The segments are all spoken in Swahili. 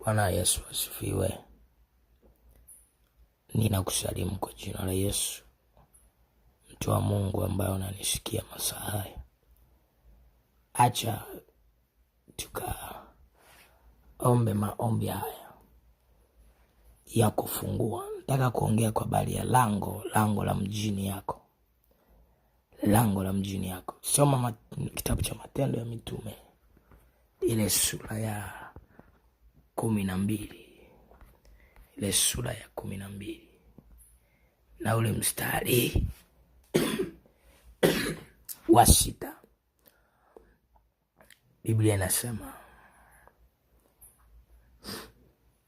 Bwana Yesu asifiwe. Ninakusalimu kwa jina la Yesu, mtu wa Mungu ambaye unanisikia masaa haya. Acha tukaombe maombi haya ya kufungua. Nataka kuongea kwa bali ya lango, lango la mjini yako, lango la mjini yako. Soma kitabu cha Matendo ya Mitume ile sura ya kumi na mbili, ile sura ya kumi na mbili na ule mstari wa sita Biblia inasema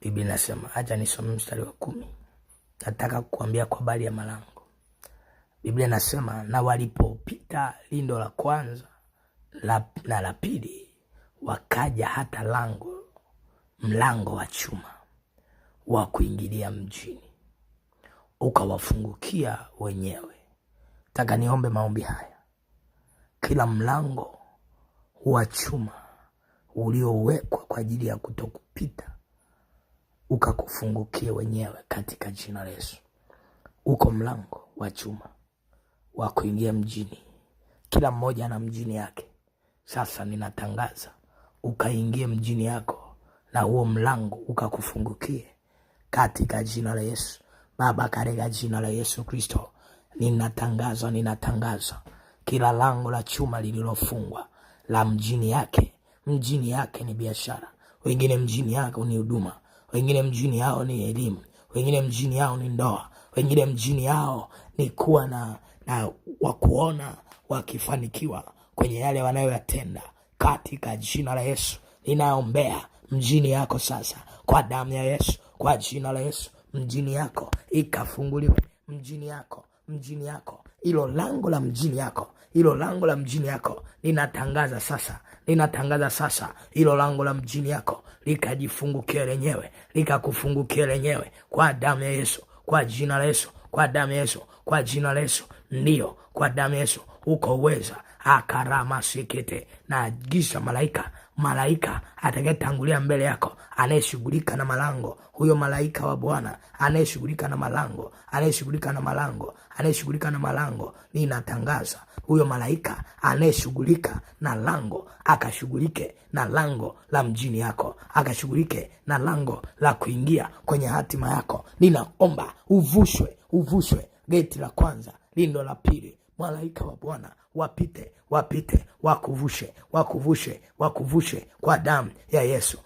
Biblia inasema, acha nisome mstari wa kumi. Nataka kukuambia kwa habari ya malango. Biblia inasema, na walipopita lindo la kwanza la, na la pili, wakaja hata lango mlango wa chuma wa kuingilia mjini, ukawafungukia wenyewe. Taka niombe maombi haya. Kila mlango wa chuma uliowekwa kwa ajili ya kutokupita ukakufungukie wenyewe katika jina la Yesu. Uko mlango wa chuma wa kuingia mjini, kila mmoja ana mjini yake. Sasa ninatangaza ukaingie mjini yako na huo mlango ukakufungukie katika jina la Yesu. Baba, katika jina la Yesu Kristo, ninatangaza ninatangaza kila lango la chuma lililofungwa la mjini yake. Mjini yake ni biashara, wengine mjini yako ni huduma, wengine mjini yao ni elimu, wengine mjini yao ni ndoa, wengine mjini yao ni kuwa na, na wakuona wakifanikiwa kwenye yale wanayoyatenda. Katika jina la Yesu ninaombea mjini yako sasa, kwa damu ya Yesu, kwa jina la Yesu, mjini yako ikafunguliwe, mjini yako mjini yako, hilo lango la mjini yako, hilo lango la mjini yako linatangaza sasa, linatangaza sasa, hilo lango la mjini yako likajifungukie lenyewe, likakufungukie lenyewe kwa damu ya Yesu, kwa jina la Yesu, kwa damu ya Yesu, kwa jina la Yesu, ndio, kwa damu ya Yesu uko uweza akarama sikete. na gisa malaika malaika atakayetangulia mbele yako, anayeshughulika na malango, huyo malaika wa Bwana anayeshughulika na malango, anayeshughulika na malango, anayeshughulika na malango, ninatangaza huyo malaika anayeshughulika na lango akashughulike na lango la mjini yako, akashughulike na lango la kuingia kwenye hatima yako. Ninaomba uvushwe, uvushwe geti la kwanza, lindo la pili malaika wa Bwana wapite, wapite, wakuvushe, wakuvushe, wakuvushe kwa damu ya Yesu.